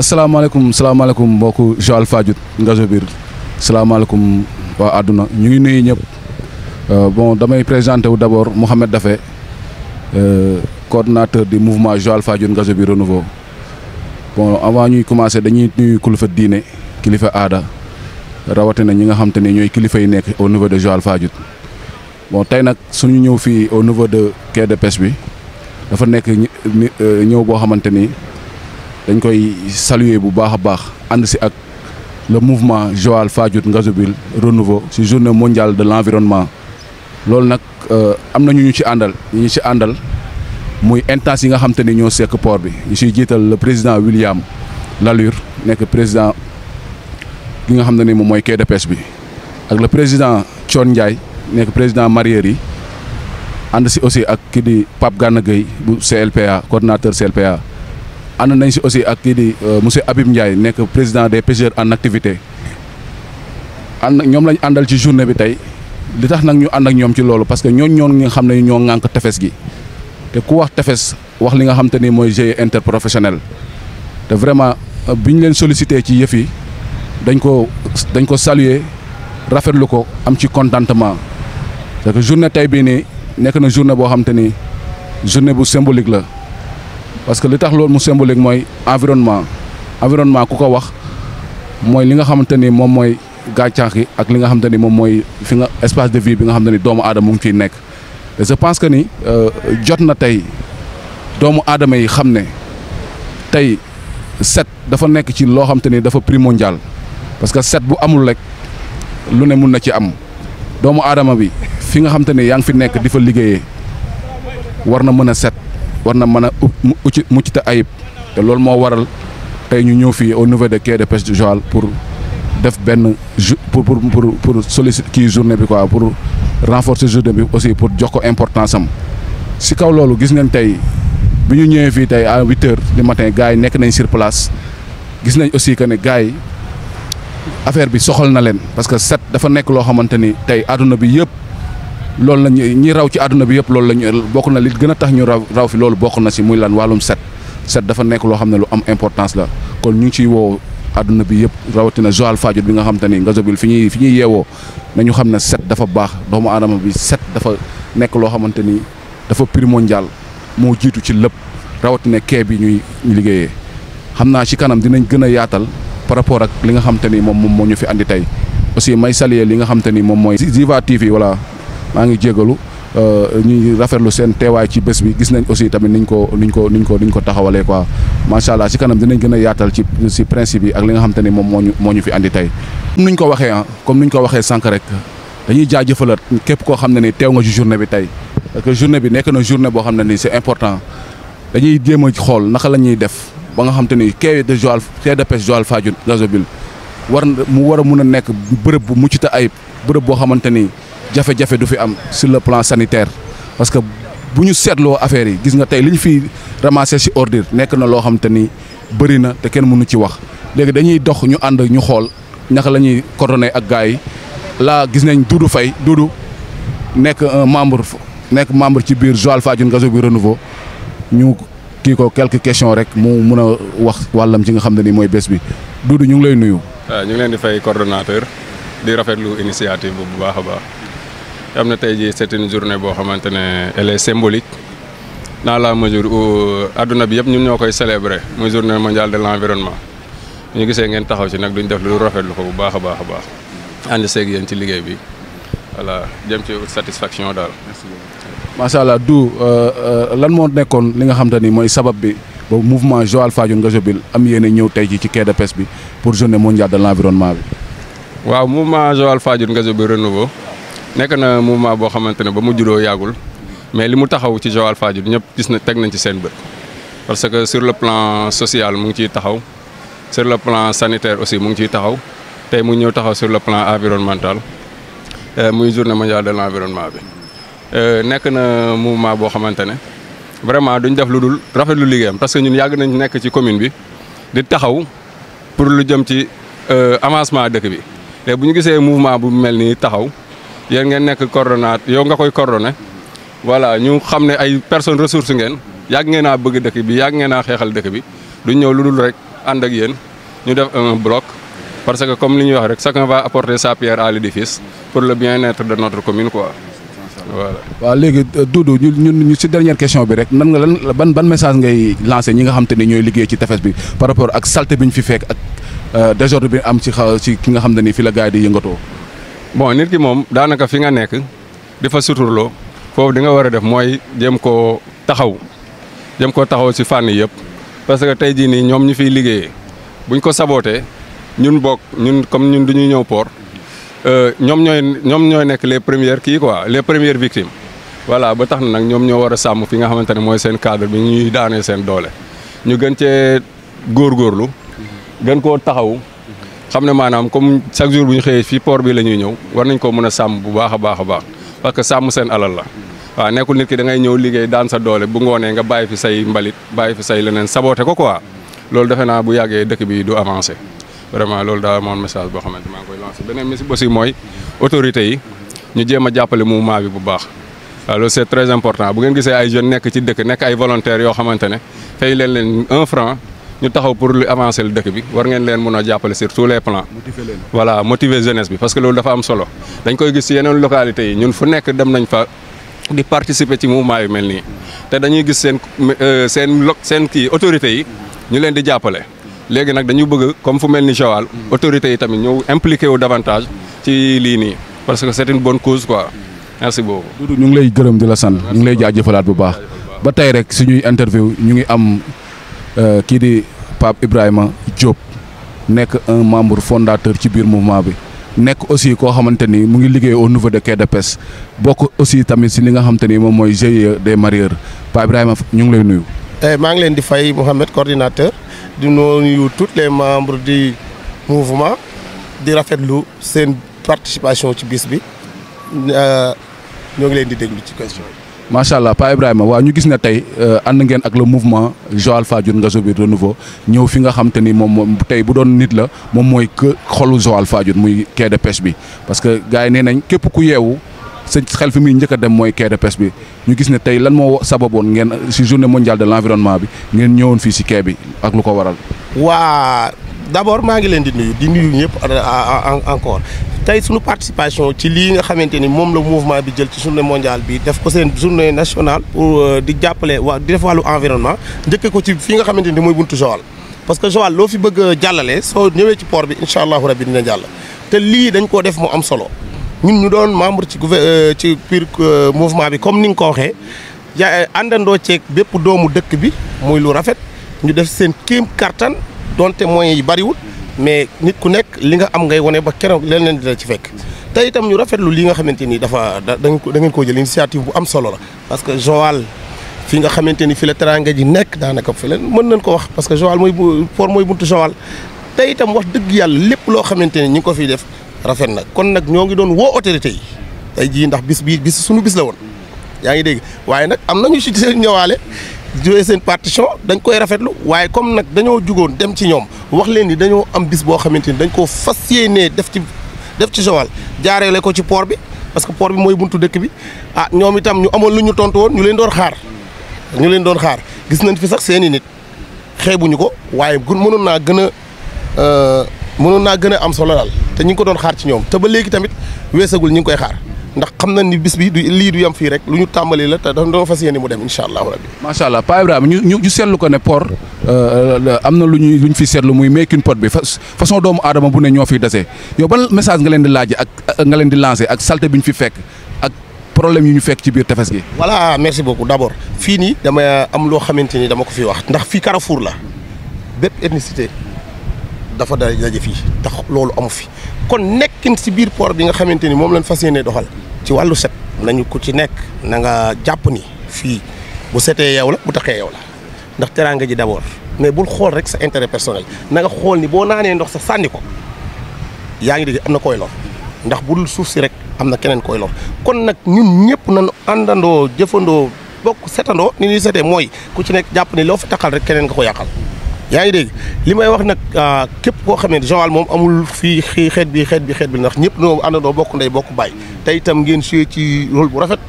waaw salaamaaleykum salaamaaleykum mbokku Joal Fadiouth Ngazo Biir salaamaaleykum waa àdduna ñu ngi nuyu ñëpp euh, bon damay présenté wu d' abord Mouhamed Daffé euh, coordonnateur du mouvement Joal Fadiouth Ngazo Biir renouveau avant ñuy commencé dañuy nuyu kilifa diine kilifa aada rawatina ñi nga xam te ne ñooy kilifa yi nekk au niveau de Joal Fadiouth bon tey nag suñu ñëw fii au niveau de quai de pêche bi dafa nekk euh, ñëw boo xamante ni. dañ koy saluer bu baax a baax ànd si ak le mouvement Joal Fadiouth Ngazobil renouveau si journée mondiale de l' environnement loolu nag euh, am na ñu ñu ci àndal ñu ci àndal muy instance yi nga xam te ni ñoo sekk port bi ñu siy jiital le président William Lalur, nekk président ki nga xam ne ni moom mooy de bi ak le président Thione Ndiaye nekk président mareyeurs yi ànd si aussi ak ki di Pape Gana bu CLPA coordinateur CLPA ana nañ si aussi ak di euh, monsieur abib ndjay nek président des pêcheurs en activité ànd ñom lañ andal ci journée bi tay li tax nak ñu and ak ñom ci lolu parce que ñooñ ñoon nga xam ñoo ngank tefes gi té ku wax tefes wax li nga xam tane moy mooy GIE interprofessionnel té vraiment euh, biñ leen solliciter ci yëf yi dañ ko dañ ko saluer rafetlu ko am ci contentement parce que journée tay bi ni nek na journée bo xam tane journée bu symbolique la parce que li tax loolu mu symbolique mooy environnement environnement ku ko wax mooy li nga xamante ni moom mooy gàncax gi ak li nga xamante ni moom mooy fi nga espace de vie bi nga xamante ni doomu aadama mu nekk et je que ni euh, jot na tey doomu aadama yi xam ne tey set dafa nekk ci loo xamante ni dafa primordial parce que set bu amul rek lu ne mun na ci am doomu aadama bi fi nga xamante ni yaa ngi fi nekk di fa liggéeyee war na mën a set. war na mën a ucc mucc te ayib te loolu moo waral tey ñu ñëw fii au niveau de quai de pêche pour def benn ju pour pour pour solliciter kii journée bi quoi pour renforcer journée bi aussi pour jox ko importance sam si kaw loolu gis ngeen tey bi ñu ñëwee fii tey à huit heures matin gars yi nekk nañ sir place gis nañ aussi que ne gars yi affaire bi soxal na leen parce que set dafa nekk loo xamante ni tey àdduna bi yëpp. loolu la ñi raw ci àdduna bi yëpp loolu la bokk na li gën a tax ñu raw raw fi loolu bokk na si muy lan wàllum set set dafa nekk loo xam ne lu am importance la kon ñu ngi ciy woo àdduna bi yëpp rawatina Joal Fadiouth bi nga xam te ni Ngazobil fi ñuy fi ñuy yeewoo nañu xam ne set dafa baax doomu aadama bi set dafa nekk loo xamante ni dafa primordial moo jiitu ci lépp rawatina kee bi ñuy liggéeyee xam naa ci kanam dinañ gën a yaatal par rapport ak li nga xam te ni moom moom moo ñu fi andi tey aussi may saluer li nga xam ni moom mooy Ziva TV voilà maa ngi jégalu euh, ñuy rafetlu seen teewaay ci bés bi gis nañ aussi tamit niñ ko niñ ko niñ ko niñ ko taxawalee quoi macha allah ci kanam dinañ gën a yaatal ci ci principe yi ak li nga xam ni moom moo ñu ñu fi andi tey. nuñ ko waxee ah comme nuñ ko waxee sànq rek dañuy jaajëfalaat képp koo xam ne ni teew nga ci journée bi tey parce que journée bi nekk na journée boo xam ne ni c'est important dañuy jéem a xool naka la ñuy def ba nga xam te ni quai de Joal quai de pêche Joal Fadiouth Gazobil war mu war a mun a nekk bërëb bu mucc ayib bërëb boo xamante ni jafe-jafe du fi am sur le plan sanitaire parce que bu ñu seetloo affaire yi gis nga tey li ñu fi ramassé si ordure nekk na loo xam te ni bëri na te kenn mënu ci wax léegi dañuy dox ñu ànd ñu xool ñax la ñuy coordonné ak gars yi laa gis nañ Doudou Faye Doudou nekk un membre nekk membre ci biir Joal Fadiouth Gazo bi renouveau ñu kii ko quelques questions rek mu mun a wax wàllam ci nga xam ne ni mooy bés bi Doudou ñu ngi lay nuyu. waaw ah, ñu ngi leen di fay coordonnateur di rafetlu initiative bu baax a baax. am na tey jii c'est une journée boo xamante ne elle est symbolique dans la mesure où adduna bi yëpp ñun ñoo koy célébrer muy journée mondiale de l'environnement ñu gisee ngeen taxaw ci nag duñ def lu rafetlu ko bu baax a baax a baax ànd seeg yéen ci liggéey bi voilà jëm ci satisfaction daal. macha allah du euh, euh, lan moo nekkoon li nga xam ni mooy sabab bi ba mouvement Joal Fadiouth nga Jobil am yéen ñëw tey jii ci quai de pêche bi pour journée mondiale de l'environnement bi. waaw mouvement Joal Fadiouth nga Jobil renouveau nekk na mouvement boo xamante ne ba mu juddoo yàggul mais li mu taxaw ci Joal Fadiouth ñëpp gis na teg nañ ci seen bët parce que sur le plan social mu ngi ciy taxaw sur le plan sanitaire aussi mu ngi ciy taxaw tey mu ñëw taxaw sur le plan environnemental euh, muy journée mondiale de l'environnement bi euh, nekk na mouvement boo xamante ne vraiment duñ def lu dul rafet lu liggéeyam parce que ñun yàgg nañ nekk ci commune bi di taxaw pour lu jëm ci euh, avancement dëkk bi te bu ñu gisee mouvement bu mel nii taxaw yéen ngeen nekk coordonnate yow nga koy coordonné voilà ñu xam ne ay personne ressources ngeen yàgg ngeen naa bëgg dëkk bi yàgg ngeen naa xeexal dëkk bi duñ ñëw lu dul rek ànd ak yéen ñu def un bloc parce que comme li ñuy wax rek chacun va apporter sa pierre à l'édifice pour le bien-être de notre commune quoi voilà. waaw léegi euh, Doudou ñu ñun ñu si dernière question bi rek nan nga lan ban ban message ngay lancé ñi nga xam te ne ñooy liggéey ci tefes bi par rapport ak salte bi ñu fi fekk ak euh, désordre bi am ci xaw si ki nga xam ne ni fi la gars di yëngatoo. bon nit ki moom daanaka fi nga nekk di fa suturloo foofu di nga war a def mooy jëm koo taxaw jëm koo taxaw si fànni yëpp parce que tey jii nii ñoom ñu fiy liggéeyee buñ ko sabootee ñun bokk ñun comme ñun du ñuy ñëw port euh, ñoom ñoo ñoom ñooy nekk les premières kii quoi les premières victimes voilà ba tax na nag ñoom ñoo war a sàmm fi nga xamante ne mooy seen cadre bi ñuy daanee seen doole ñu gën cee góorgóorlu gën koo taxaw xam ne maanaam comme chaque jour bu ñu xëyee fii port bi la ñuy ñëw war nañ koo mën a sàmm bu baax a baax a baax parce que sàmm seen alal la waaw nekkul nit ki da ñëw liggéey daan sa doole bu ngoonee nga bàyyi fi say mbalit bàyyi fi say leneen saboté ko quoi loolu defe naa bu yàggee dëkk bi du avancé vraiment loolu daa moon message boo xamante maa ngi koy lancé beneen message aussi mooy autorités yi ñu jéem a jàppale mouvement bi bu baax waaw loolu c'est important bu ngeen gisee ay jeunes nekk ci dëkk nekk ay volontaires yoo xamante ne fay leen leen un franc ñu taxaw pour lu avancer lu dëkk bi war ngeen leen mun a jàppale sur tous les plans. motiver leen motiver jeunesse bi parce que loolu dafa am solo. dañ koy gis ci yeneen localités yi ñun fu nekk dem nañ fa di participer ci mouvement yu mel nii te dañuy gis seen euh, seen lo seen kii autorités yi ñu leen di jàppale. léegi nag dañuy bëgg comme fu mel ni Joal autorité yi tamit ñëw impliqué wu davantage ci lii nii parce que c'est une bonne cause quoi merci beaucoup. ñu ngi lay gërëm di la sant ñu ngi lay jaajëfalaat bu baax ba ñu ngi am. Euh, kii di Pape Ibrahima Diop nekk un membre fondateur ci biir mouvement bi nekk aussi koo xamante ni mu ngi liggéey au niveau de quai de pêche bokk aussi tamit si li nga xamante ni moom mooy GIE des mareyeurs Pape Ibrahima ñu ngi lay nuyu. Eh, maa ngi leen di fay Mouhamed coordinateur di nuyu tous les membres du mouvement di rafetlu seen participation ci bis bi euh, ñoo ngi leen di déglu ci question macha allah Pa Ibrahima waa ñu gis ne tey euh, ànd ngeen ak le mouvement Joal Fadiouth Ngazobil biir renouveau ñëw fi nga xam te ni moom moom tey bu doon nit la moom mooy que xolu Joal Fadiouth muy quai de bi parce que gars yi nee nañ képp ku yeewu sa xel fi muy njëkk dem mooy quai de bi ñu gis ne tey lan moo sababoon ngeen si journée mondiale de l' environnement bi ngeen ñëwoon fii si kee bi ak lu ko waral. waa d' abord maa ngi leen di nuyu di nuyu ñëpp euh, encore. tey suñu participation ci li nga xamante ni moom la mouvement bi jël ci journée mondiale bi def ko sen journée nationale pour euh, di jàppale wa di def walu environnement ndëkk ko ci fi nga xamante ni mooy buntu Joal parce que Joal lo fi bëgg jallalé so ñëwé ci port bi inshallah rabbi dina jall te li dañ ko def mu am solo ñun ñu doon membre ci euh, ci pur euh, mouvement bi comme ni nga ko waxee yaa àndandoo ceeg bépp doomu dëkk bi moy lu rafet ñu def sen kéem carton donte moyens yi bari bariwul mais nit ku nekk li nga am ngay wane ba keroog leneen dina ci fekk tey itam ñu rafetlu li nga xamante ni dafa da ngeen ko jël initiative bu am solo la parce que Joal fi nga xamante ni fi la teranga ji nekk daanaka fi la mën nañ ko wax parce que Joal mooy port mooy buntu Joal tey itam wax dëgg yàlla lépp loo xamante ni ñi ngi ko fiy def rafet na kon nag ñoo ngi doon woo autorité yi tey jii ndax bis bii bis suñu bis la woon yaa ngi dégg waaye nag am nañu si ñëwaale joué seen partition dañ koy rafetlu waaye comme nag dañoo jugoon dem ci ñoom wax leen ni dañoo am bis boo xamante ni dañ koo fas yéenee def ci def ci Joal jaareele ko ci poor bi parce que port bi mooy buntu dëkk bi ah ñoom itam ñu amoon lu ñu tontu woon ñu leen doon xaar ñu leen doon xaar gis nañ fi sax seeni nit xeebuñu ko waaye gun mënoon naa gën a euh, mënoon naa gën a am solo daal te ñu ngi ko doon xaar ci ñoom te ba léegi tamit weesagul ñu ngi koy xaar ndax xam nañ ni bis bi du lii du yam fii rek lu ñu tàmbali la te dañoo fas yéene mu dem incha allahu rabbi. macha allah Pa Ibrahima ñu ñu ñu seetlu ko ne port euh, am na lu ñuy lu ñu fi seetlu muy making pot bi façon doomu aadama bu ne ñoo fiy dese yow ban message nga leen di laaj ak nga leen di lancé ak salte bi ñu fi fekk ak problème yu ñu fekk ci biir tefes gi. voilà merci beaucoup d' abord fii nii dama am loo xamante ni dama ko fi wax ndax fii Carrefour la bépp ethnicité dafa daje fii tax loolu amu fi kon nekkin si biir port bi nga xamante ni moom lañ fa yéene doxal ci wàllu set nañu ku ci nekk na nga jàpp ni fii bu setee yow la bu taxee yow la ndax teraanga ji d'abord mais bul xool rek sa intérêt personnel nanga xool ni boo naanee ndox sa sànni ko yaa ngi dégg am na koy lor ndax bu dul suuf si rek am na keneen koy lor kon nag ñun ñëpp nañu àndandoo jëfandoo bokk setandoo ni ñuy setee mooy ku ci nekk jàpp ni loo fa taxal rek keneen nga ko yàqal yaa ngi dégg li may wax nag ah, képp koo xam ne moom amul fii xii xeet bi xeet bi xeet bi ndax ñëpp noo àndandoo bokk ndey bokk bàyyi te itam ngeen suyee ci rôle bu rafet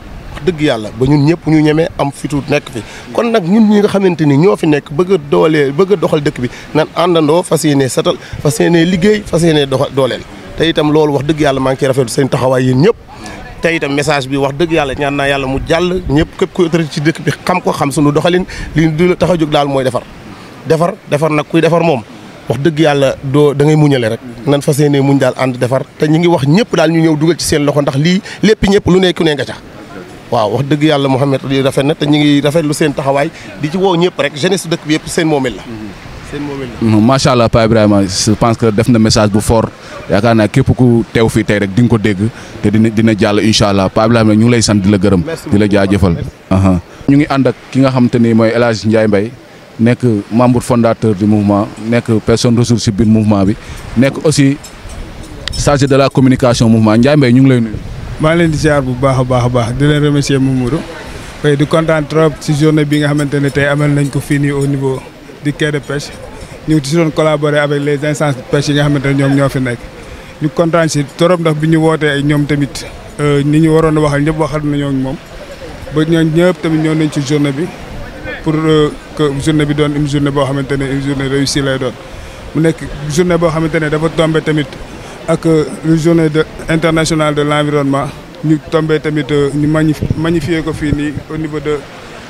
dëgg yàlla ba ñun ñëpp ñu ñemee am fitu nekk kon nag ñun ñi nga xamante ni ñoo fi nekk bëgg a bëgg a dëkk bi nan àndandoo fas yéenee satal fas yéenee liggéey fas yéenee doxal dooleel te itam loolu wax dëgg yàlla maa ngi ciy rafetlu seen taxawaay yéen ñëpp te itam message bi wax dëgg yàlla ñaan naa yàlla mu jàll ñëpp képp ku autorité ci dëkk bi xam ko xam sunu doxalin li du la tax a jóg daal mooy defar defar defar nag kuy defar moom wax dëgg yàlla doo da ngay muñale rek nan fa yéenee muñ daal ànd defar te ñu ngi wax ñëpp daal ñu ñëw dugal ci seen loxo ndax lii lépp ñëpp lu nekku ne nga ca waaw wax dëgg yàlla Mouhamed di rafet na te ñu ngi rafetlu seen taxawaay di ci woo ñëpp rek jeunesse dëkk bi yëpp seen moomeel la seen macha allah Pa Ibrahima je pense que def na message bu fort yaakaar naa képp ku teew fii tey rek di nga ko dégg te dina dina jàll incha allah Pa ñu ngi lay sant di la gërëm di la jaajëfal ñu ngi ànd ki nga xam ni mooy El Hadj nekk membre fondateur du mouvement nekk personne ressource biir mouvement bi nekk aussi chargé de la communication mouvement Ndiaye Mbaye ñu ngi lay nuyu. maa leen di ziar bu baax a baax baax di leen remercier Mamadou di kontaan trop ci bi nga xamante ne tey amal nañ ko fii nii au niveau du quai de pêche ñu ngi ci doon collaborer les instances de pêche nga xamante ne ñoom ñoo fi nekk. ñu kontaan ci trop ndax bi ñu wootee ay ñoom tamit euh, ni ñu waroon a waxal ñëpp waxal nañoo ak moom ba ñooñu ñëpp tamit ñoo nañ ci journée bi pour. Euh, que journée bi doon une journée boo xamante ne une journée réussie lay doon mu nekk journée boo xamante ne dafa tombé tamit ak le euh, journée de internationale de l'environnement ñu tombé tamit euh, ñu magnifier ko fii nii au niveau de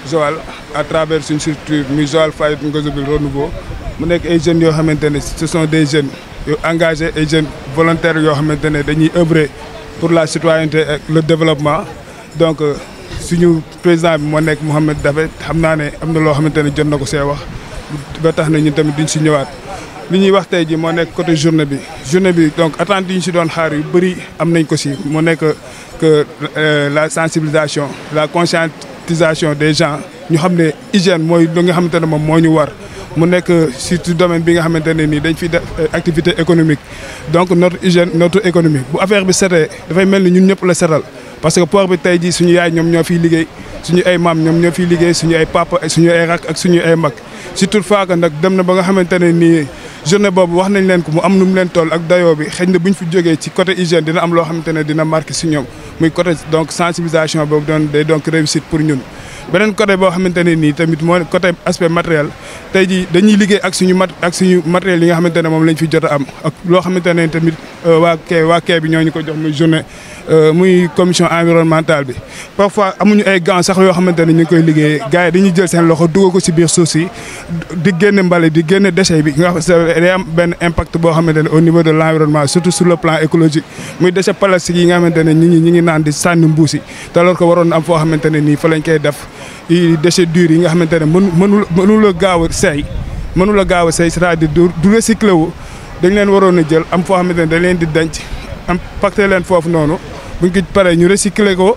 Joal à travers une structure muy Joal Fayette Nguazobil Renouveau mu nekk ay jeunes yoo xamante ne ce sont des jeunes yu engagés ay jeunes volontaires yoo xamante ne dañuy œuvrer pour la citoyenneté et le développement donc euh, suñu président bi mo nek Mouhamed Daffé xamna naa ne am na loo xamante ne jot na ko wax ba tax na ñun tamit duñ ci ñëwaat li ñuy wax tay ji mo nek côté journée bi journée bi donc attente ñu ci doon xaar yu bari am nañ ko ci mo nek que euh, la sensibilisation la conscientisation des gens ñu xam ne hygiène mooy lu nga xamante ne moom moo ñu war mu nekk surtout domaine bi nga xamante ne nii dañ fi def euh, activité économique donc notre hygiène notre économie bu affaire bi setee dafay mel ni ñun ñëpp la setal parce que port bi tey ji suñu yaay ñoom ñoo fiy liggéey suñu ay maam ñoom ñoo fiy liggéey suñu ay papa suñu ay rak ak suñu ay mag surtout faaka nag dem na ba nga xamante ne nii journée boobu wax nañ leen ko mu am nu mu leen toll ak dayoo bi xëy na bu ñu fi jógee ci côté hygiène dina am loo xamante ne dina marqué si ñoom muy côté donc sensibilisation boobu doon day donc réussite pour ñun beneen côté boo xamante ne nii tamit moo côté aspect matériel tey ji dañuy liggéey ak suñu mat ak suñu matériel yi nga xamante ne moom lañ fi jot am loo xamante ne tamit euh, waa kee waa kee bi ñoo ñu ko jox muy journée euh, muy commission environnementale bi parfois amuñu ay gants sax yoo xamante ne ñu ngi koy liggéey gars yi dañuy jël seen loxo dugal ko si biir suuf si di génne mbale di génne déchet bi nga xam day am benn impact boo xamante ne au niveau de l' environnement surtout sur le plan écologique muy déchet plastique yi nga xamante ne ñi ngi ñi ngi naan di sànni mbuus yi te alors waroon na am xamante ne nii fa lañ koy def déchets durs yi nga xamante ne mënu mënu mënu gaaw a seey gaaw sey si c'est-à-dire du du recyclé wu dañ leen waroon a jël am foo xamante ne dañ leen di denc am pacté leen foofu noonu buñ ko paree ñu recyclé ko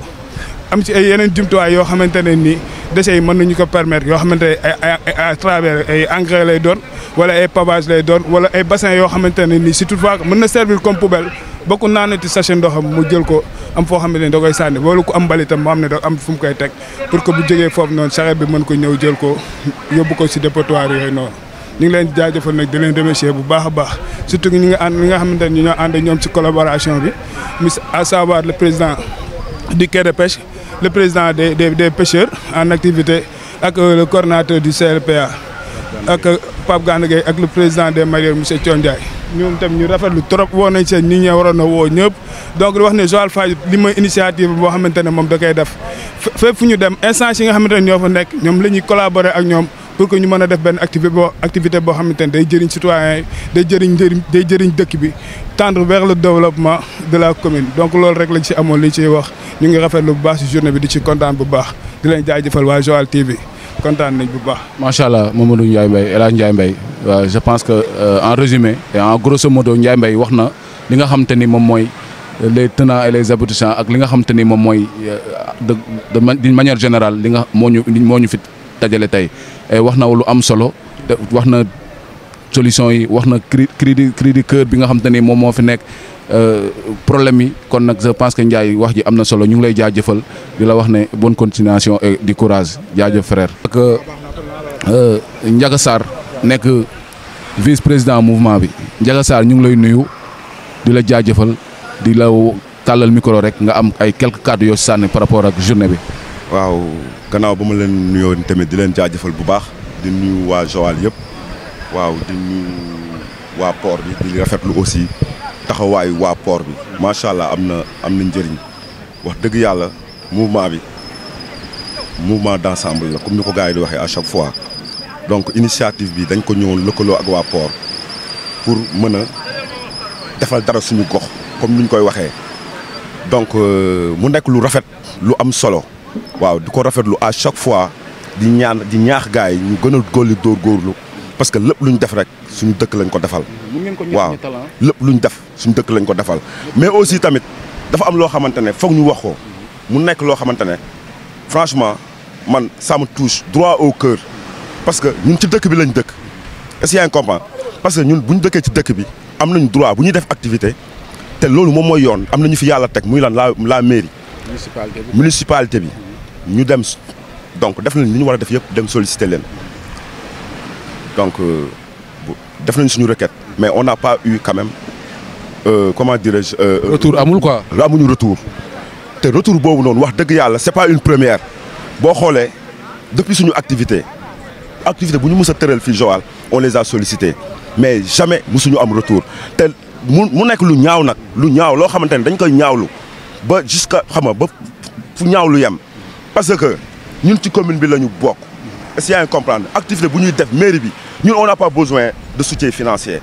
am ci ay yeneen jumtuwaay yoo xamante ne nii déchets yi mën nañu ko permettre yoo xamante ne ay à travers ay engrais lay doon wala ay pavage lay doon wala ay bassin yoo xamante ne nii si toutefois mën na servir comme poubelle bokk naanati sachet ndoxam mu jël ko. am foo xam ne da koy sànni wala ku am mbalitam moo ne da am fu mu koy teg pour que bu jógee foofu noonu saxaar bi mën ko ñëw jël ko yóbbu ko si dépotoir yooyu noonu ñu ngi leen jaajëfal nag di leen remercier bu baax a baax surtout ñi nga ànd ñi nga xamante ne ñoo ànd ñoom si collaboration bi mis à savoir le président di quai de pêche le président des des pêcheurs en activité ak euh, le di du CLPA ak euh, Pape Gane Gueye ak le président des mareyeurs monsieur Thion Ndiaye ñoom tam ñu rafet rafetlu trop woo nañ seen ñi ñee waroon a woo ñëpp donc di wax ne Joal Fadiouth li mooy initiative boo xamante ne moom da koy def fépp fu ñu dem instance yi nga xamante ne ñoo fa nekk ñoom la ñuy collaborer ak ñoom pour que ñu mën a def benn activité boo activité boo xamante ne day jëriñ citoyen yi day jëriñ day jëriñ dëkk bi tendre vers le développement de la commune donc loolu rek lañ ci amoon li ciy wax ñu ngi rafetlu bu baax ci bi di ci kontaan bu baax di leen jaajëfal waa Joal TV kontaan nañ bu baax. macha allah Mamadou Ndiaye Mbaye El Hadj Ndiaye waaw je pense que euh, en résumé et en grosso mot, Ndiaye Mbaye wax na li nga xam te ni moom mooy les tenants et les aboutissants ak li nga xam te ni moom mooy euh, de de manière générale li nga moo ñu moo ñu fi dajale tey wax na lu am solo wax na solution yi wax na cri cri du cœur bi nga xam te ni moom moo Euh, problème yi kon nag je pense que Ndiaye wax ji am na solo ñu ngi lay jaajëfal di la wax ne bon continuation di du courage jaajëf frère. que euh, Ndiaga Sarr nekk vice président mouvement bi Ndiaga Sarr ñu ngi lay nuyu di la jaajëfal di la tàllal micro rek nga am ay quelques cadres yoo sànni par rapport ak journée bi. waaw gannaaw ba ma leen nuyoo tamit di leen jaajëfal bu baax di nuyu waa Joal yëpp waaw di nuyu waa port bi di rafetlu aussi. taxaway wa port bi macha allah am na am wax deug yalla mouvement bi mouvement d'ensemble la comme ni ko gars di waxe à chaque fois donc initiative bi dañ ko ñëwoon lëkkaloo ak wa port pour mëna a defal dara suñu gox comme niñ koy waxé donc euh, mu nek lu rafet lu am solo waaw di ko rafetlu à chaque fois di ñaan di ñaax gars yi ñu gën a góorlu góorgóorlu parce que lepp luñ def rek suñu dëkk lañ ko defal waaw talent hein? lepp luñ def suñu dëkk lañ ko defal mais aussi tamit dafa am loo xamante ne foog ñu wax ko mu nekk loo xamante ne franchement man ça me touche droit au cœur parce que ñun ci dëkk bi lañ dëkk est-ce y yaa ngi comprend parce que ñun bu ñu dëkkee ci dëkk bi am nañu droit bu ñuy def activité te loolu moom mooy yoon am nañu fi yàlla teg muy lan la la mairie. municipalité municipalité bi ñu dem donc def nañ li ñu war a def yëpp dem solliciter leen donc euh, def nañ suñu requête mais on n'a pas eu quand même. Euh, comment dirais-je. Euh, euh, retour amul quoi. amuñu retour te retour bobu non wax deug yalla c'est pas une première bo xolé depuis suñu activité activité buñu ñu mës fi Joal on les a sollicités mais jamais musuñu am retour te mu nek lu ñaaw nak lu ñaaw lo xamante dañ koy ñaawlu ba jusqu'à xam ba fu ñaawlu yam parce que ñun ci commune bi lañu bok est-ce que a un comprendre activité buñuy def mairie bi ñun on n'a pas besoin de soutien financier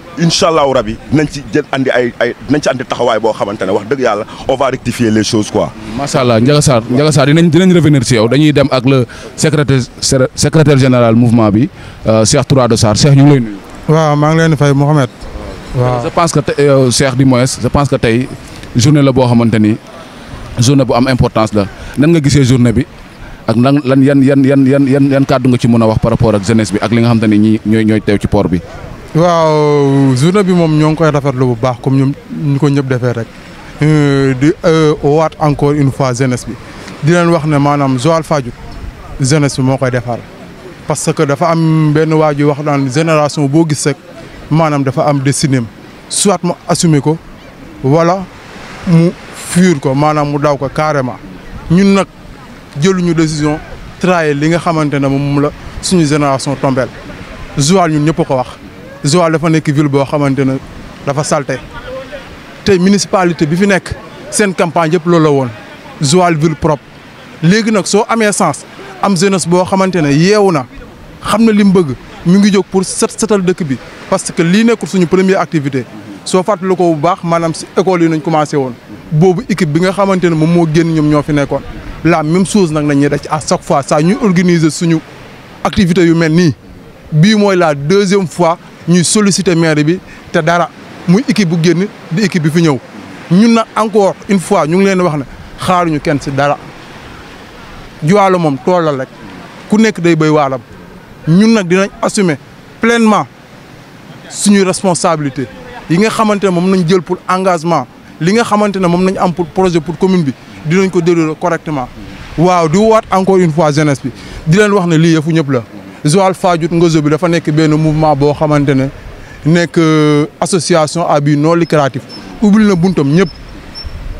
incha allahu rabi dinañ ci jël andi ay ay dinañ ci andi taxawaay boo xamante ne wax dëgg yàlla on va rectifier les choses quoi. macha allah Ndiaga Sarr Ndiaga Sarr dinañ dinañ revenir ci yow dañuy dem ak le secrétaire général mouvement bi euh, Cheikh Tourado Sarr Cheikh ñu ngi lay nuyu. waaw maa ngi leen di fay Mouhamed. waaw je pense que tey euh, Cheikh du moins je que tey journée la boo xamante ni journée bu am importance la nan nga gisee journée bi. ak nan lan yan yan yan yan yan kàddu nga ci mën a wax par rapport ak bi ak li nga xam te ne ñii ñooy ñooy ci port bi. waaw journée bi pas ñong koy bu comme ñiko euh, euh, encore une fois jeunesse bi di len wax ne maanaam Joal fadiou jeunesse bi parce que dafa am benn wax génération bo gis rek manam dafa am soit mo suis ko voilà, mu fuir ko manam mu daw ko carrément ñun nak décision trahir li nga xamante suñu génération Joal ñun ko wax Joal dafa nekk ville boo xamante ne dafa salte tey municipalité bi fi nekk seen campagne yëpp loolu la woon Joal ville propre léegi nag soo amee sance am jeunesse boo xamante ne yeewu na xam na li mu bëgg mi ngi jóg pour set setal dëkk bi parce que lii nekkul suñu premier activité soo fàttali ko bu baax maanaam si école yi nañ commencé woon boobu équipe bi nga xamante ne moom moo génn ñoom ñoo fi nekkoon la même chose nag nañuy def à chaque fois saa ñu organiser suñu activité yu mel nii bii mooy la deuxième fois Nous solliciter maire bi té dara muy équipe bu génn di équipe bi fi encore une fois ñu ngi leen wax ne xaaruñu kenn ci dara jualu mom rek ku nekk day de walam ñun assumer pleinement suñu responsabilité yi nga nous mom jël pour engagement li nga nous avons nañ am pour projet pour commune bi dinañ ko correctement waaw di wat encore une fois jeunesse bi di leen wax ne Joal Fadiouth Ngozo bi dafa nekk benn mouvement boo xamante ne nekk euh, association à but non lucratif ubbil na buntam ñëpp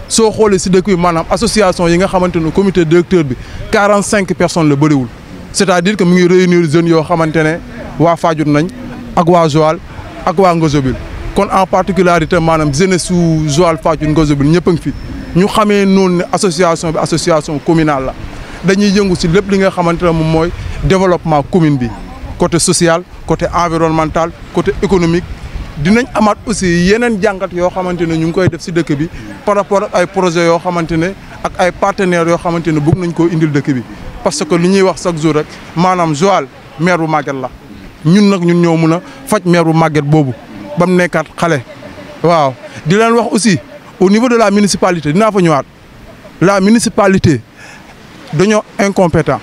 soo xoolee si dëkk bi association yi nga xamante ne comité directeur bi quarante cinq personnes la bëriwul c'est-à-dire que mu ngi réunir jeunes yoo xamante ne waa Fadiouth nañ ak waa Joal ak waa Ngozobil kon en particularité maanaam jeunesse Joal Fadiouth Ngozobil ñëpp ngi fi ñu xamee noonu association bi association communale la dañuy yëngu si lépp li nga xamante ne moom développement commune bi côté social côté environnemental côté économique dinañ amat aussi yenen jangat yo xamantene ne ñu ngi koy def ci dëkk bi par rapport ak ay projet yo xamantene ak ay partenaires yo xamantene ne bëgg nañ ko indil dëkk bi parce que li ñuy wax chaque jour rek manam Joal maire bu màgget la ñun nak ñun ñoo mëna a faj maire bu màgget bobu bam nekkat xalé waaw di leen wax aussi au niveau de la municipalité dina fa ñëwaat la municipalité dañoo incompétent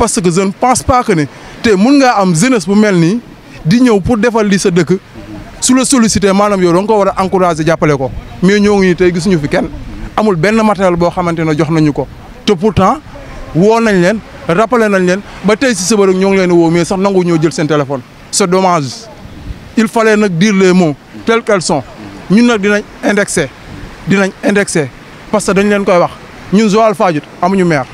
parce que je ne pense pas que te mun ngaa am jeunesse bu mel nii di ñëw pour defal li sa dëkk su la sollicité maanaam yow da nga ko war a encourager jàppale ko mais ñoo ngi tey gisuñu fi kenn amul benn matériel boo xamante ne jox nañu ko te pourtant woo nañ leen rappelé nañ leen ba tey si suba rek ñoo ngi leen woo mais sax nangu ñoo jël seen téléphone c'est dommage il fallait nag dire les mots tels qu'ils sont ñun nag dinañ indexé dinañ indexé parce que dañ leen ko wax ñu Joal Fadiouth amuñu maire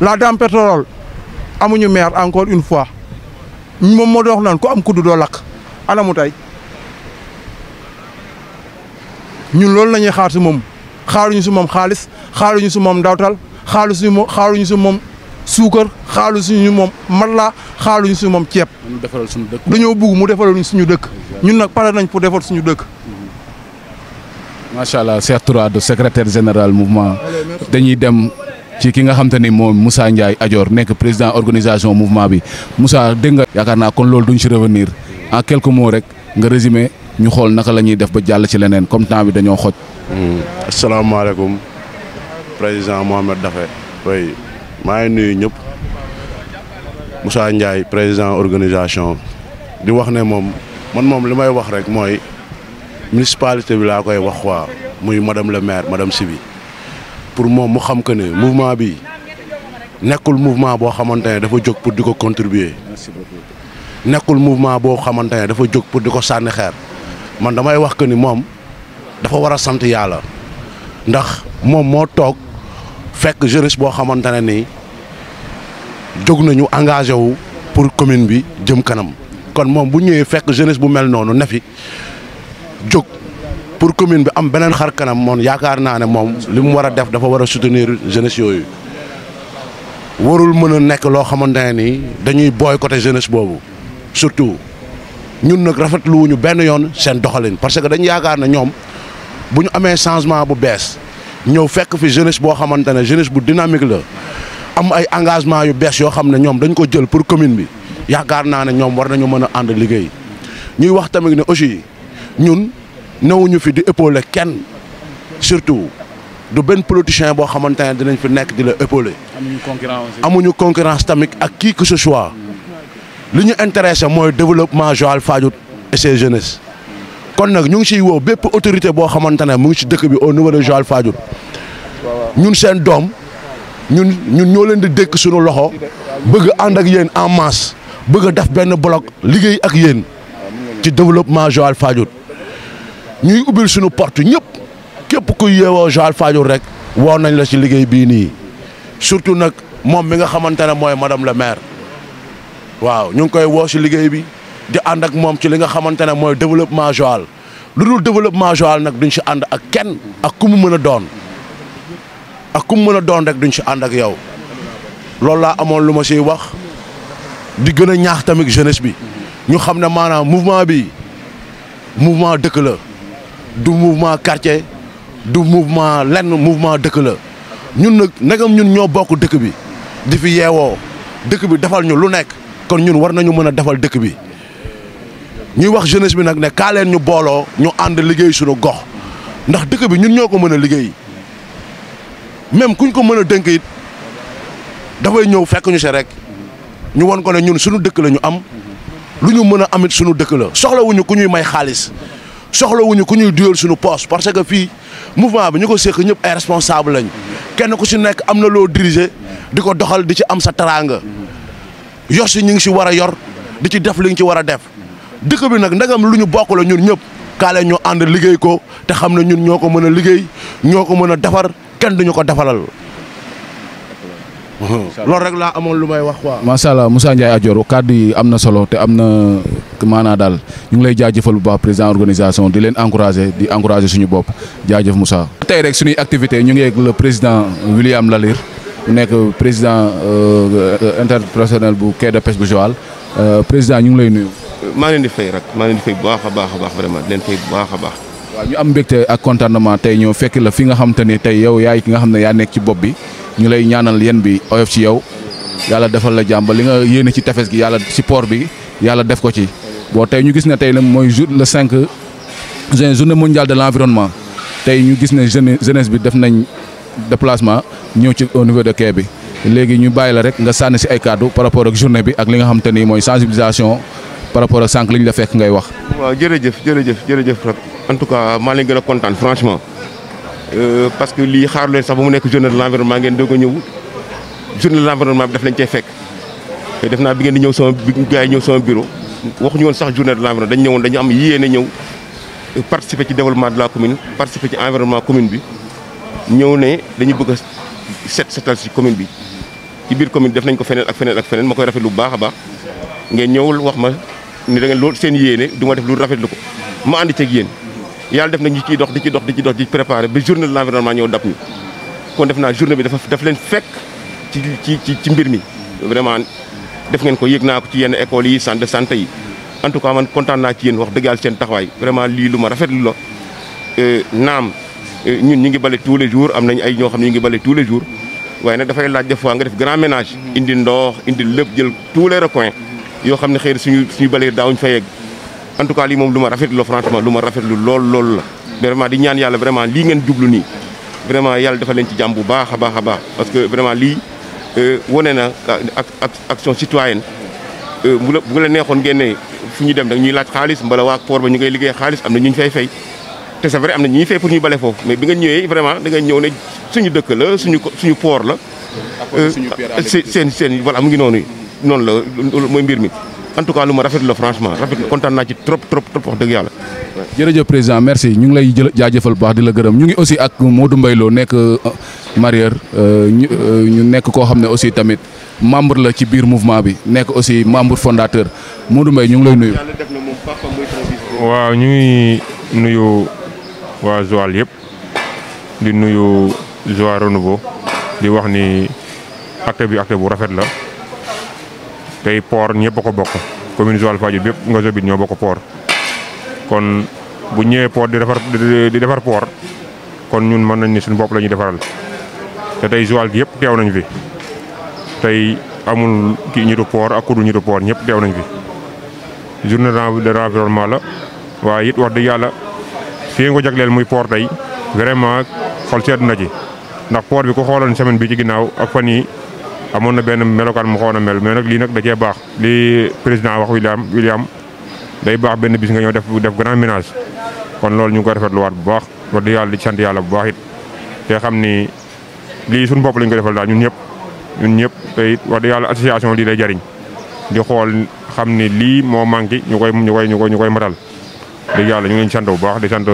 la Dame Pétrole amuñu maire encore une fois moom moo dox naan ku am kuddu doo lakk ana mu tey ñun loolu la ñuy xaar si moom xaaruñu si moom xaalis xaaruñu si moom ndawtal xaalu si moom xaaruñu si moom suukar xaalu suñu moom matla xaaluñu si moom ceeb. defaral suñu dëkk dañoo bugg mu defaral suñu dëkk. ñun nag pare nañ pour defar suñu dëkk. macha allah Cheikh Tourade secrétaire général mouvement dañuy dem. ci ki nga xam ni moom Moussa Ndiaye Adior nekk président organisation mouvement bi Moussa dégg nga. yaakaar naa kon loolu duñu ci revenir en quelques mots rek nga résumé ñu xool naka la ñuy def ba jàll ci leneen comme temps bi dañoo xoj. Hmm, asalaamaaleykum président Mohamed Daffé. oui maa ngi nuyu ñëpp Moussa Ndiaye président organisation di wax ne moom man moom li may wax rek mooy municipalité bi laa koy wax waa muy madame le maire madame Sibi. pour moom mu xam que ne mouvement bi nekkul mouvement boo xamante ne dafa jóg pour di ko contribuer. merci nekkul mouvement boo xamante ne dafa jóg pour di ko sànni xeer man damay wax que ni moom dafa war a sant yàlla ndax moom moo toog fekk jeunesse boo xamante ne nii jóg nañu engagé wu pour commune bi jëm kanam kon moom bu ñëwee fekk jeunesse bu mel noonu ne fi jóg. pour commune bi am beneen xar kanam moom yaakaar naa ne moom li mu war a def dafa war a soutenir jeunesse yooyu warul mën a nekk loo xamante ne nii dañuy booy boycotter jeunesse boobu surtout ñun nag rafetlu wuñu benn yoon seen doxalin parce que dañu yaakaar na ñoom bu ñu amee changement bu bees ñëw fekk fi jeunesse boo xamante ne jeunesse bu dynamique la am ay engagement yu bees yoo xam ne ñoom dañ ko jël pour commune bi yaakaar naa ne ñoom war nañu mën a ànd liggéey ñuy wax tamit ne aussi newuñu fi di épauler kenn surtout du benn politicien boo xamante ne dinañ fi nekk di la épauler. amuñu concurrence tamit ak kii que ce soit li ñu intéressé mooy développement Joal Fadiouth et ses kon nag ñu ngi siy woo bépp autorité boo xamante ne mu ngi si dëkk bi au niveau de Joal ñun seen doom ñun ñun ñoo leen di dékk suñu loxo bëgg ànd ak yéen en masse bëgg a def benn bloc liggéey ak yéen ci développement Joal Fadiouth ñuy ubbil suñu porte ñëpp képp ku yeewoo Joal Fadiouth rek woo nañ la si liggéey bii nii surtout nag moom mi nga xamante ne mooy madame la maire waaw ñu ngi koy woo si liggéey bi di ànd ak moom ci li nga xamante ne mooy développement Joal lu dul développement Joal nag duñ si ànd ak kenn ak ku mu mën a doon ak kum mën a doon rek duñ si ànd ak yow loolu laa amoon lu ma ciy wax di gën a ñaax tamit jeunesse bi ñu xam ne maanaam mouvement bi mouvement dëkk la. du mouvement quartier du mouvement lenn mouvement dëkk la ñun nag nagam ñun ñoo bokk dëkk bi di fi yeewoo dëkk bi defal ñu lu nekk kon ñun war nañu mën a defal dëkk bi ñuy wax jeunesse bi nag ne kaaleen ñu booloo ñu ànd liggéey suñu gox ndax dëkk bi ñun ñoo ko mën a liggéey même kuñ ko mën a dënk it dafay ñëw fekk ñu si rek ñu won ko ne ñun suñu dëkk la ñu am lu ñu mën a amit suñu dëkk la soxlawuñu ku ñuy may xaalis soxlawuñu ku ñuy duyal suñu poste parce que fii mouvement bi ñu ko séq ñëpp ay responsable lañ kenn ku si nekk am na loo diriger di ko doxal di ci am sa teraanga yor si ñu ngi si war a yor di ci def li nga ci war a def dëkk bi nag ndagam lu ñu bokk la ñun ñëpp kaale ñoo ànd liggéey ko te xam na ñun ñoo ko mën a liggéey ñoo ko mën a defar kenn duñu ko defaral loolu rek laa amoon lu may wax quoi. macha allah Moussa Ndiaye Adior kàddu yi am na solo te am na maanaa daal ñu ngi lay jaajëfal bu baax président organisation di leen encouragé di encouragé suñu bopp jaajëf Moussa. tey rek suñuy activité ñu ngi ak le président William Lalir nekk président euh, interprofessionnel bu quai de pêche bu Joal euh, ñu ngi lay nuyu. maa leen di fay rek maa leen di fay bu baax a baax a baax vraiment di leen fay baax a baax. waaw ñu am mbégte ak contentement tey ñoo fekk la fi nga xam te ni tey yow yaay ki nga xam ne yaa nekk ci bopp bi. ñu lay ñaanal yéen bi oyof ci yow yàlla defal la jàmm ba li nga yéene ci tefes gi yàlla ci port bi yàlla def ko ci. boo tey ñu gis ne tey la mooy jour le 5 juin journée mondiale de l' environnement tey ñu gis ne jeunesse bi def nañ déplacement ñëw ci au niveau de quai bi léegi ñu bàyyi la rek nga sànni si ay kàddu par rapport ak journée bi ak li nga xam te ni mooy sensibilisation par rapport ak sànq li ñu la fekk ngay wax. waaw jërëjëf jërëjëf jërëjëf en tout cas maa leen gën a kontaan franchement. Euh, parce que lii xaaru sax ba mu nekk journée de l'environnement ngeen doog a ñëw journée de l'environnement bi daf lañ cee fekk te def naa bi ngeen di ñëw sama bi gars yi ñëw sama bureau waxuñu woon sax journée de l'environnement dañ ñëwoon dañu am yéene ñëw participer ci développement la commune participer ci environnement commune bi ñëw ne dañu bëgg a set setal ci commune bi ci biir commune def nañ ko feneen ak feneen ak feneen ma koy rafet lu baax a baax ngeen ñëwul wax ma ni da ngeen loolu seen yéene du ma def lu rafetlu ko ma ànd ceeg yéen yàlla def nag ñu ciy dox di ci dox di ci dox di préparé ba journée de l'environnement ñëw dab ñu kon def naa journée bi dafa daf leen fekk ci ci ci mbir mi vraiment def ngeen ko yëg naa ko ci yenn écoles yi centre de santé yi en man kontaan naa ci yéen wax dëgg yàlla seen taxawaay vraiment lii lu ma rafetlu lo euh, naam euh, ñun ñu ngi bale tous les jours am nañ ay ñoo xam ne ñu ngi bale tous les jours waaye nag dafay laaj des fois nga def grand ménage mm-hmm. indi ndox indi lépp jël tous les recoins mm-hmm. yoo xam ne xëy na suñu suñu balee daawuñ fa yegg en tout cas li mom luma ma rafetlu la franchement luma ma rafetlu lol lol la vraiment di ñaan yalla vraiment li ngeen djublu ni vraiment yalla dafa leen ci jàmm bu baakha a baax parce que vraiment euh woné na action citoyenne euh bu la neexoon ngeen fu ñu dem nak ñuy laaj xaalis mbala wa port ba ñu ngay liggéey xaalis amna ñuñ fay fay té c'est vrai amna na ñuy fay pour ñu balé fofu mais bi nga ñëwé vraiment da nga ñëw né suñu dëkk la suñu suñu port la c'est c'est euh, voilà mu ngi nonu non la moy mbir mi en tout cas lu ma rafetlu la franchement rafetlu kontaan naa ci trop trop jërëjëf président merci ñu ngi lay jël jaajëfal baax di la gërëm ñu ngi aussi ak Modou Mbaye Lo nekk euh, marieur euh, euh, ñu nekk koo xam ne aussi tamit membre la ci biir mouvement bi nekk aussi membre fondateur Modou Mbaye ñu ngi lay nuyu. waa ñu ngi nuyu waa Joal yëpp di nuyu Joal Renouveau di wax ni acte bi acte bu rafet la. tey port ñëpp a ko bokk commune Joal-Fadiouth bépp nga sobit ñoo bokk port kon bu ñëwee port di defar di defar port kon ñun mën nañ ni suñu bopp lañuy ñuy defaral te tey Joal gi yëpp teew nañ fi tey amul kii ñitu port ak ku dul ñitu port ñëpp teew nañ fi journée de l'environnement la waa it wax dëgg yàlla fii nga ko jagleel muy port tey vraiment xol sedd na ci ndax port bi ko xooloon semaine bi ci ginnaaw ak fan yi amoon na benn melokaan mu xawoon a mel mais nag lii nag da cee baax li président wax William William day baax benn bis nga ñëw def def grand ménage kon loolu ñu ngi koy rafetluwaat bu baax wax dëgg yàlla di sant yàlla bu baax it te xam ni lii suñu bopp lañ ko defal daal ñun ñëpp ñun ñëpp te it wax dëgg yàlla association lii day jariñ di xool xam ni lii moo manqué ñu koy ñu koy ñu koy ñu koy matal dëgg yàlla ñu ngi sant bu baax di sant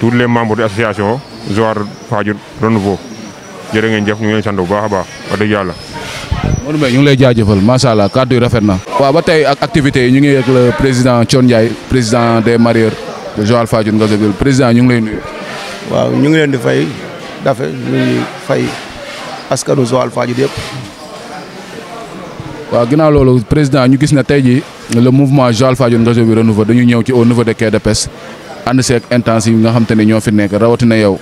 tous les membres de l'association Joal Fadiouth Renouveau jërë ngeen jëf ñu ngi lay sant bu baax a baax wax dëgg ñu ngi lay jaajëfal macha allah kàddu yi rafet na. waa ba tey ak activités yi ñu ngi ak le président Thion Ndiaye président des mareyeurs de Joal Fadiouth Nguazobil président ñu ngi lay nuyu. waaw ñu ngi leen di fay dafa ñu ngi fay askanu Joal Fadiouth yëpp. waaw ginnaaw loolu président ñu gis na tey jii le mouvement Joal Fadiouth Nguazobil Renouveau dañuy ñëw ci au niveau de quai de pêche ànd seeg intense yi nga xam te ne ñoo fi nekk rawatina yow.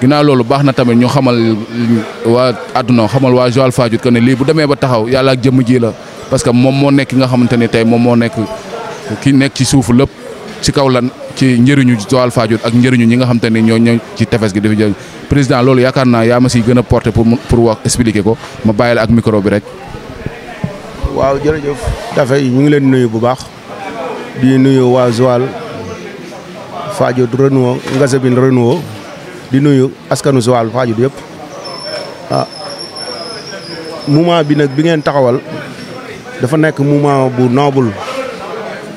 ginnaaw loolu baxna tamit ñu xamal wa aduna xamal wa Joal Fadiouth que ne lii bu deme ba taxaw yalla ak jëm ji la parce que mom mo nek nga xamanteni tay mom mo nek ki nek ci suufu lepp ci kaw lan ci ñeeruñu Joal Fadiouth ak ñeeruñu ñi nga xamanteni ne ñoo ñoo ci tefes gi def jël président loolu yakarna ya ma ci gëna porter pour pour wax expliquer ko ma bayal la ak micro bi rek. waaw jërëjëf dafay ñu ngi leen nuyu bu baax di nuyu wa Joal renouo ngasse bin renouo di nuyu askanu zoal Fadiouth yep ah moment bi nak bi ngeen taxawal dafa nek moment bu noble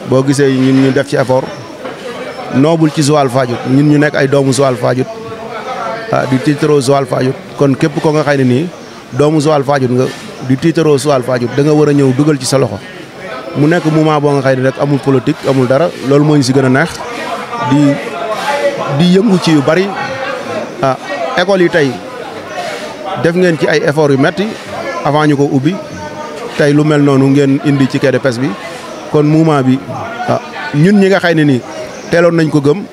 bo gisee ñun ñu def ci effort noble ci zoal Fadiouth ñun ñu nek ay doomu zoal ah di titero zoal Fadiouth kon kep ko nga xayni ni doomu zoal nga di titero zoal Fadiouth da nga wara ñew duggal ci sa loxo mu nek moment bo nga xayni rek amul politique amul dara loolu moñ ci gëna di di yëngu ci yu bari Ah, école yi tay def ngeen ci ay effort yu metti avant ñuko ubi, ubbi tey lu mel nonu ngeen indi ci quai de bi kon mouvement bi ah, ñun ñi nga xayni ni télon nañ ko gëm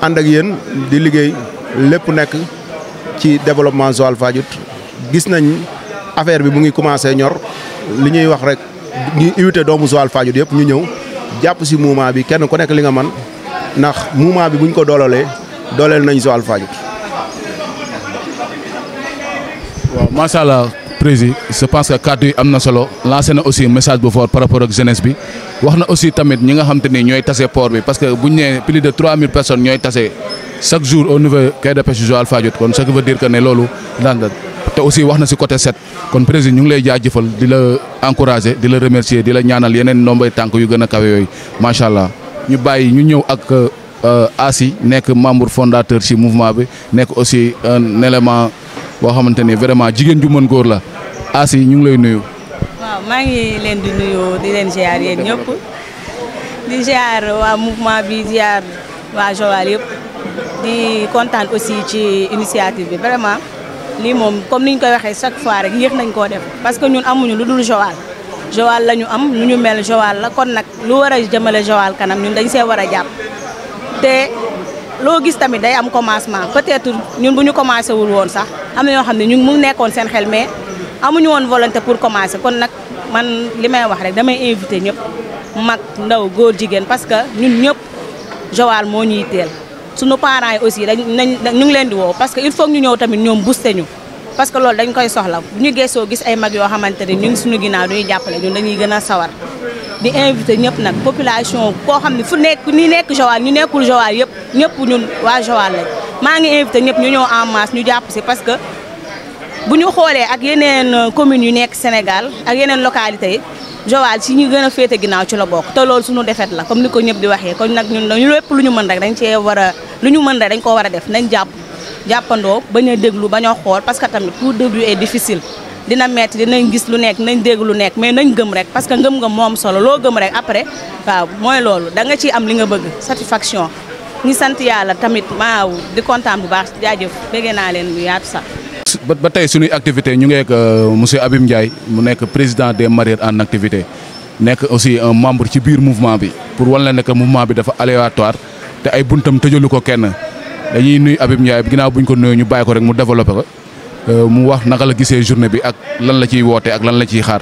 and ak yeen di liggéey lepp nek ci développement Joal Fadiouth gis nañ affaire bi mu ngi commencé ñor li ñuy wax rek ñi invité doomu Joal Fadiouth yépp ñu ñëw japp si mouvement bi kenn ku nek li nga man ndax mouvement bi buñ ko dolel nañ waaw macha allah président je pense que kàddu yi am na solo lancé na aussi message bu fort par rapport ak jeunesse bi wax na aussi tamit ñi nga xam te ni ñooy tase port bi parce que bu ñu nee plus de 3000 personnes ñooy tase chaque jour au niveau quai de pêche Joal-Fadiouth kon ce qui veut ne loolu daan la te aussi wax na si côté set kon président ñu ngi lay jaajëfal di la encourager di la remercier di la ñaanal yeneen ndombay tànk yu gën a kawe yooyu macha allah ñu bàyyi ñu ñëw ak euh, Asi nekk membre fondateur ci mouvement bi nekk aussi un élément. boo xamante ni vraiment jigéen ju mën góor la Asi ñu ngi lay nuyu. waaw maa ngi leen di nuyu di leen ziar yéen ñëpp di ziar waa mouvement bi ziar waa Joal yëpp di kontaan aussi ci initiative bi vraiment lii moom comme ni ñu koy waxee chaque fois rek yéex nañ koo def parce que ñun amuñu lu dul Joal Joal la ñu am lu ñu mel Joal la kon nag lu war a jëmale Joal kanam ñun dañ see war a jàpp loogis tamit day am commencement peut-être ñun bu ñu commencé wul woon sax am na ñoo xam ne ñu mu nekkoon seen xel mais amuñu woon volonté pour commencer kon nag man li may wax rek damay invité ñëpp mag ndaw góor jigéen parce que ñun ñëpp Joal moo ñuy teel suñu parents yi aussi dañ nañ leen di woo parce que il faut ñu ñëw tamit ñoom booster ñu parce que loolu dañ koy soxla bu ñu geesoo gis ay mag yoo xamante ni ñu ngi suñu ginnaaw duñu jàppale ñun dañu gën a sawar di invité ñëpp nag population koo xam ne fu nekk ñi nekk Joal ñu nekkul Joal yëpp ñëpp ñun waa Joal lañ maa ngi invité ñëpp ñu ñëw en masse ñu jàpp si parce que bu ñu xoolee ak yeneen communes yu nekk Sénégal ak yeneen localités Joal si ñu gën a féete ginnaaw ci la bokk te loolu suñu defet la comme ni ko ñëpp di waxee kon nag ñun dañu lépp lu ñu mën rek dañ cee war lu ñu mën rek dañ ko war a def nañ jàpp jàppandoo bañ a déglu bañ a xool parce que tamit tout début est difficile dina metti dinañ gis lu nekk nañ dégg lu nekk mais nañ gëm rek parce que ngëm-ngëm moom solo loo gëm rek après waaw mooy loolu da nga ciy am li nga bëgg satisfaction ñi sant yàlla tamit maaw di kontaan bu baax jaajëf bëggee naa leen bu yaatu sax. ba tey suñuy activité ñu ngi ak euh, monsieur Abim Ndiaye mu nekk président des mariés en activité nekk aussi un membre ci biir mouvement bi pour wan la ne que mouvement bi dafa aléatoire te ay buntam ko kenn. dañuy nuyu Habib Ndiaye ginnaaw bu ñu ko nuyoo ñu bàyyi ko rek mu développé ko euh, mu wax naka la gisee journée bi ak lan la ciy wootee ak lan la ciy xaar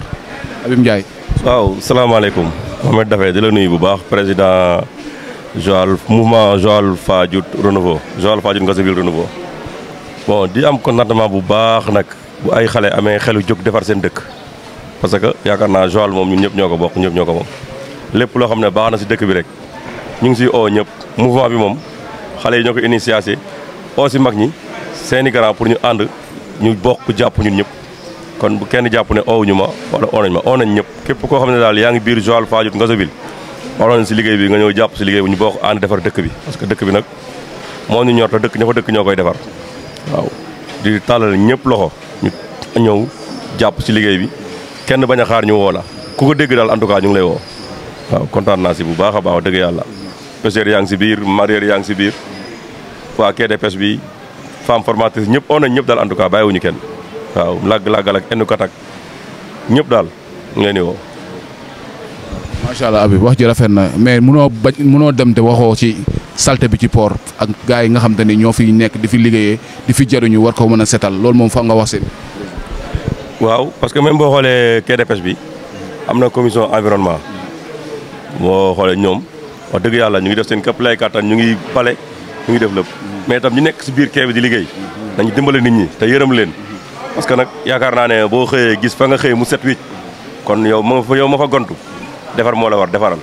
Habib Ndiaye. waaw salaamaaleykum Mohamed Dafé di la nuy bu baax président Joal mouvement Joal Fadiouth Renouveau Joal Fadiouth Gasseville Renouveau bon di am contentement bu baax nag bu ay xale amee xelu jóg defar seen dëkk parce que yaakaar naa Joal moom ñun ñëpp ñoo ko bokk ñëpp ñoo ko moom lépp loo xam ne baax na si dëkk bi rek ñu ngi siy oo ñëpp mouvement bi moom. xalé ñoko initiaté aussi mag ñi seeni grand pour ñu and ñu bokk japp ñun ñëpp kon bu kenn japp ne oowuñu ñuma wala onañ ma onañ ñëpp képp ko xam dal yaangi biir Joal Fadiouth Ngassaville waroon ci liggéey bi nga ñëw japp ci liggéey bu ñu bokk and défar dëkk bi parce que dëkk bi nak mo ñu ñor te dëkk ñafa dëkk ñokoy défar waaw di talal ñëpp loxo ñu ñëw japp ci liggéey bi kenn baña xaar ñu wola ku ko dégg dal en tout cas ñu ngi lay wo waaw kontaan naa si bu baaxa baaw baax dëgg yàlla pêcheurs yaa ngi si biir mareyeurs wa KDPS bi fam formatrice ñep on nañ ñëpp daal en tout cas bayiwu ñu kenn waaw lag lag lag enu katak ñep dal ngi ni wo ma sha allah abi wax ji rafet na mais mëno mëno dem te waxo ci salté bi ci port ak gaay nga xamanteni ño fi nekk di fi liggéeyee di fi jaruñu war ko mëna sétal lool mom fa nga wax seen. waaw parce que même bo xolé kdps bi amna commission environnement bo xolé ñom wa deug yalla ñu ngi def seen cap lay kàttan ñu ngi palais mu ngi def lépp mais tam ñu nekk si biir kee bi di liggéey dañu dimbale nit ñi te yërëm leen parce que nag yaakaar naa ne boo xëyee gis fa nga xëyee mu set wicc kon yow ma fa yow ma fa gontu defar moo la war defaral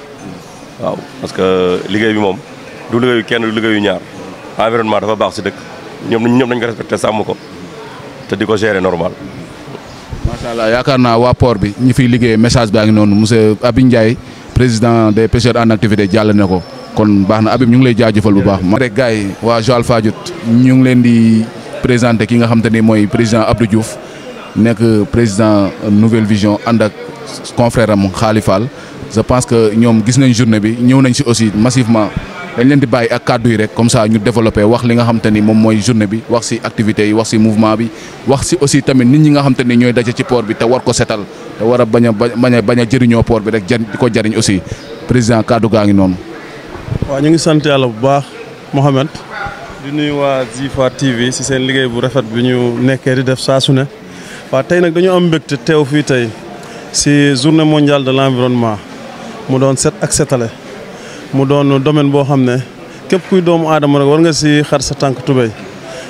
waaw parce que liggéey bi moom du liggéeyu kenn du liggéeyu ñaar environnement dafa baax si dëkk ñoom ñoom nañ ko respecté sàmm ko te di ko gérer normal macha allah yaakaar naa waa port bi ñu fiy liggéey message baa ngi noonu monsieur Abi Ndiaye président des pêcheurs activité jàll na ko kon baax na Habib ñu ngi lay jëfal bu baax. ma rek gars waa Joal Fadiouth ñu ngi leen di présenté ki nga xam te ni mooy président Abdou Diouf nekk président Nouvelle Vision ànd ak confrère am Khali Fall pense que ñoom gis nañ journée bi ñëw nañ si aussi massivement dañ leen di bàyyi ak kàddu yi rek comme ça ñu développé wax li nga xam ni moom mooy journée bi wax si activité yi wax si mouvement bi wax si aussi tamit nit ñi nga xam ni ñooy daje ci port bi te war ko setal war bañ a bañ a bañ a jëriñoo port bi rek di ko jëriñ aussi président kàddu gaa ngi noonu. waaw ñu ngi sant yàlla bu baax Mohamed di nuyu waa Zifa TV si seen liggéey bu rafet bi ñu nekkee di def saa su ne waaw tey nag dañu am mbégte teew fii tey si journée mondiale de l'environnement mu doon set ak setale mu doon domaine boo xam ne képp kuy doomu aadama rek war nga si xar sa tànk tubéy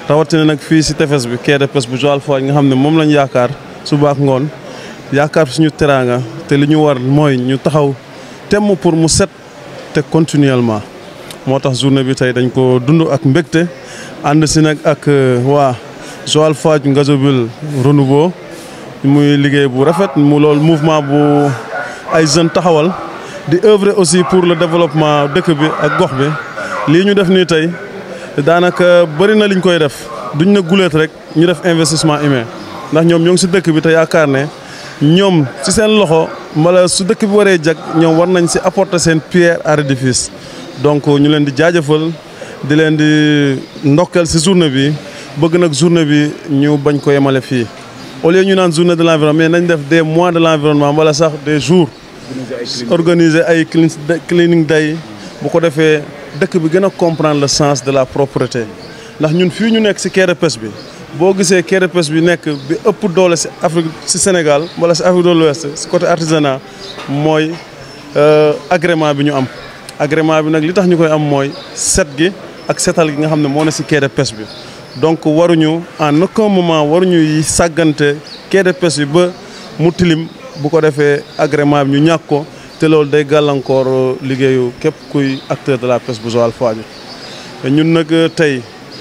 rawatina nag fii si tefes bi quai de pêche bu Joal-Fadiouth nga xam ne moom lañ yaakaar suba ak ngoon yaakaar suñu teraanga te li ñu war mooy ñu taxaw temm pour te continuellement moo tax journée bi tey dañ ko dund ak mbégte ànd si nag ak euh, waa Joal Fadiouth Ngazobil Renouveau muy liggéey bu rafet mu lool mouvement bu ay jeunes taxawal di œuvrer aussi pour le développement dëkk bi ak gox bi lii ñu def nii tey daanaka bëri na liñ koy def duñ na guleet rek ñu def investissement humain ndax ñoom ñoo ngi si dëkk bi te yaakaar ne ñoom ci seen loxo mala su dëkk bi waree jag ñoom war nañ si apporter seen pierre à l'édifice donc ñu leen di jaajëfal di leen di ndokkal si journée bi bëgg nag journée bi ñu bañ ko male fii au ñu naan journée de l'environnement mais nañ def des mois de l'environnement wala sax des jours organiser ay cleaning day bu ko defee dëkk bi gën a comprendre le sens de la propreté ndax ñun fii ñu nekk si quai de bi boo gisee Kerepes bi nekk bi ëpp doole si Afrique si Sénégal wala si Afrique de l'Ouest si côté artisanat mooy euh, agrément bi ñu am agrement bi nag li tax ñu koy am mooy set gi ak setal gi nga xam ne moo ne si Kerepes bi donc waruñu en aucun moment waruñu sàggante Kerepes bi ba mu tilim bu ko defee agrement bi ñu ñàkk ko te loolu day gàllankoor euh, liggéeyu képp kuy acteur de la pêche bu Joal Fadiouth ñun nag euh, tey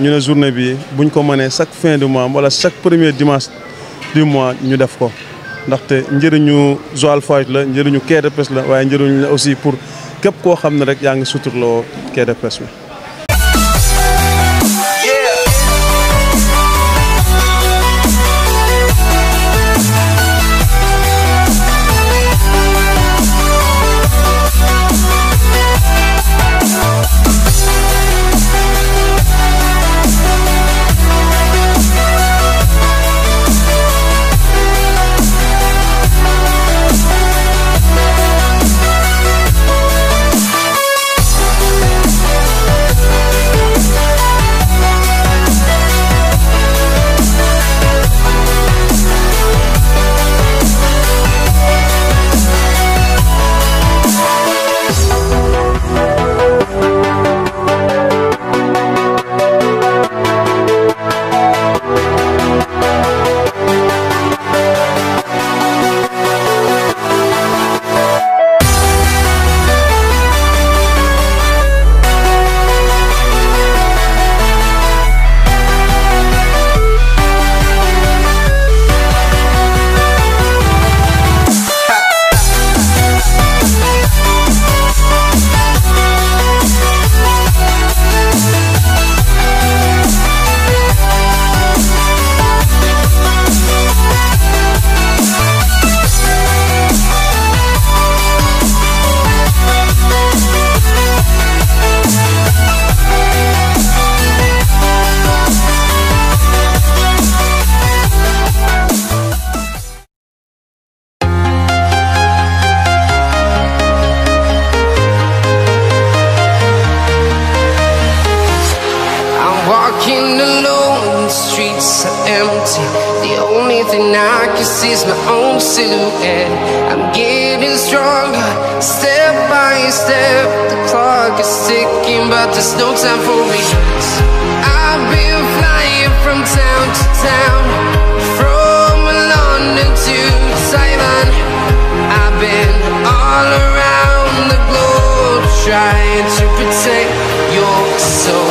ñu ne journée bi buñ ko mënee chaque fin du mois wala chaque premier dimanche du mois ñu def ko ndaxte njëriñu Joal Fadiouth la njëriñu quai de la waaye njëriñ la aussi pour képp koo xam ne rek yaa ngi suturloo quai de pêche bi Walking alone, the streets are empty The only thing I can see is my own silhouette I'm getting stronger, step by step The clock is ticking, but there's no time for me I've been flying from town to town From London to Taiwan I've been all around the globe Trying to protect your soul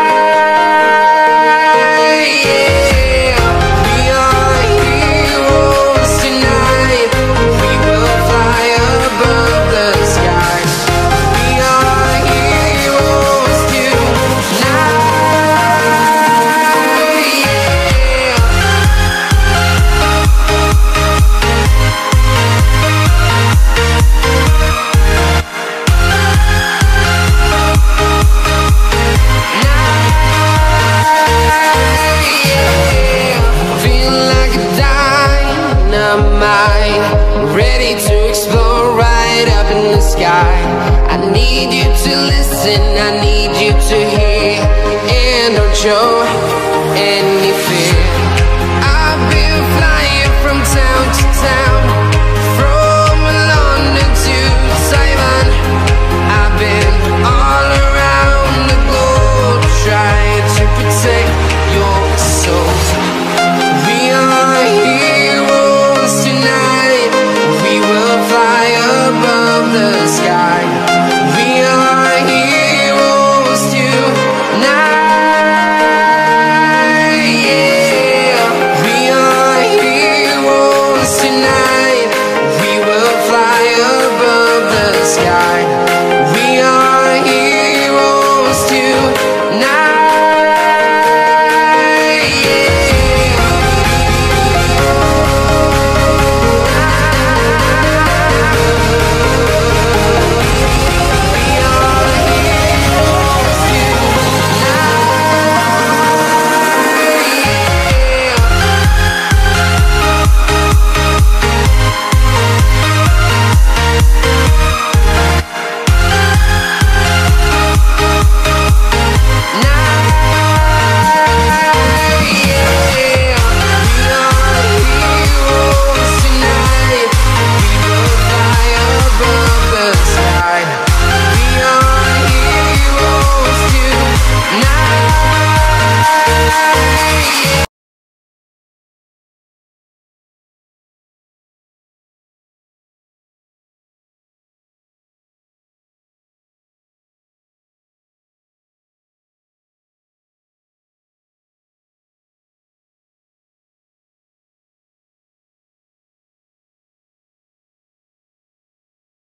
something I need you to hear, and don't